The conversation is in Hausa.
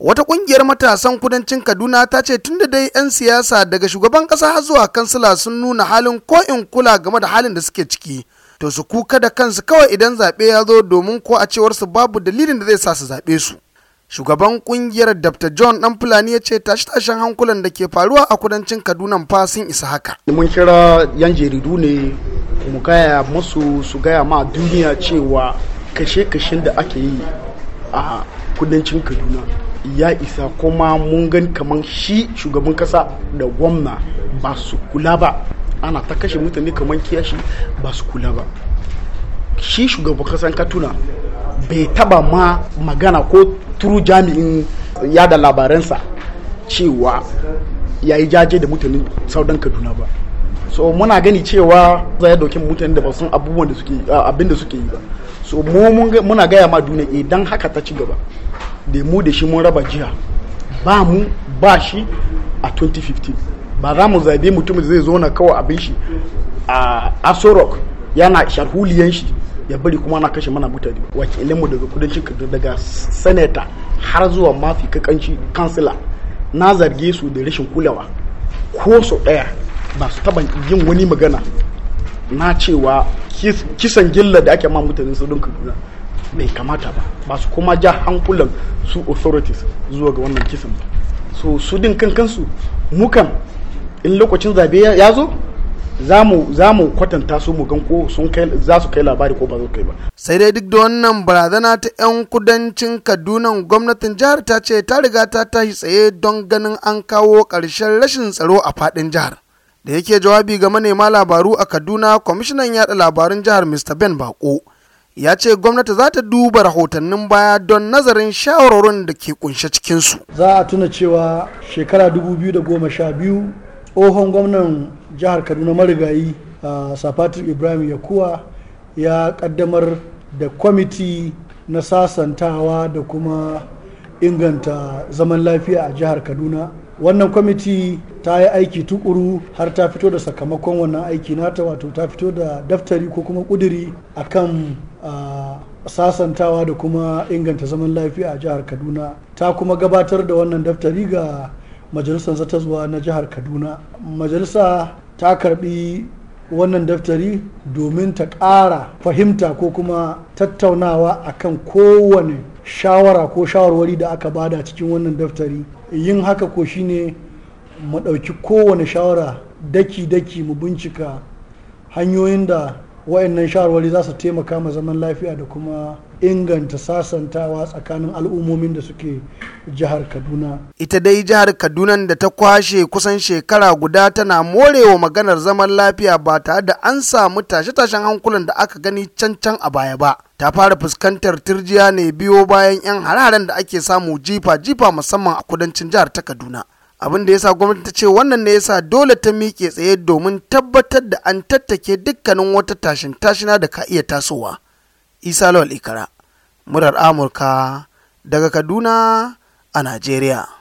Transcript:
wata kungiyar matasan kudancin kaduna ta ce tunda dai 'yan siyasa daga shugaban kasa har zuwa kansila sun nuna halin ko in kula game da halin da suke ciki to su kuka da kansu kawai idan zaɓe ya zo domin ko a cewar su babu dalilin da zai sa su zaɓe su shugaban kungiyar dr john dan fulani ya ce tashi tashin hankulan da ke faruwa a kudancin kaduna fa sun isa haka mun kira yan jaridu ne mu gaya musu su gaya ma duniya cewa kashe-kashen da ake yi a kudancin kaduna ya isa kuma mun gani kamar shi shugaban kasa da gwamna ba su kula ba ana ta kashe mutane kamar kiyashi ba su kula ba shi shugaban kasan katuna bai taba ma magana ko turu jami'in yada labaransa cewa ya yi jaje da mutanen saudan kaduna ba so muna gani cewa za ya dauki mutane da ba sun abubuwan da suke abin suke yi ba so muna gaya ma duniya idan haka ta ci gaba da mu da shi mun raba jiya ba mu ba shi a 2015 ba za mu zabe mutumin da zai zo na kawai abin shi a asorok yana sharhuliyan shi ya bari kuma na kashe mana mutane mu daga kudancin kaduna daga senator har zuwa mafi kakanci kansila na zarge su da rashin kulawa ko sau daya ba su taɓa yin wani magana na cewa kisan gilla da ake ma mutane su sadon kaduna bai kamata ba ba su kuma ja hankulan su authorities zuwa ga wannan kisan ba so su din kan mukan in lokacin zabe ya zo za mu kwatanta su mu gan ko za su kai labari ko ba su kai ba sai dai duk da wannan barazana ta yan kudancin Kaduna gwamnatin jihar ta ce ta riga ta tashi tsaye don ganin an kawo ƙarshen rashin tsaro a faɗin jihar da yake jawabi ga manema labaru a Kaduna kwamishinan yada labarun jihar Mr Ben Bako ya ce gwamnati za ta duba rahotannin baya don nazarin shawarorin da ke kunshe cikinsu za a tuna cewa shekara 2012 tsohon gwamnan jihar kaduna marigayi a safatir ibrahim yakuwa ya kaddamar da kwamiti na sasantawa da kuma inganta zaman lafiya a jihar kaduna wannan kwamiti ta yi aiki tukuru har ta fito da sakamakon wannan aiki nata wato ta fito da daftari ko kuma kuduri akan a sasantawa da kuma inganta zaman lafiya a jihar kaduna ta kuma gabatar da wannan daftari ga majalisar zata zuwa na jihar kaduna majalisa ta karbi wannan daftari domin ta ƙara fahimta ko kuma tattaunawa akan kowane shawara ko shawarwari da aka bada cikin wannan daftari yin haka ko shine mu ɗauki kowane shawara daki-daki mu bincika hanyoyin da wayannan shawarwari za su taimaka ma zaman lafiya da kuma inganta sasantawa tsakanin al'ummomin da suke jihar kaduna ita dai jihar kaduna da ta kwashe kusan shekara guda tana morewa maganar zaman lafiya ba tare da an samu tashe-tashen hankulan da aka gani can-can a baya ba ta fara fuskantar turjiya ne biyo bayan 'yan hare-haren da ake samu jifa-jifa musamman a kudancin jihar ta kaduna abin da ya sa gwamnati ta ce wannan ne sa dole ta miƙe tsaye domin tabbatar da an tattake dukkanin wata tashin tashina da ka iya tasowa isa lawal ikara murar amurka daga kaduna a najeriya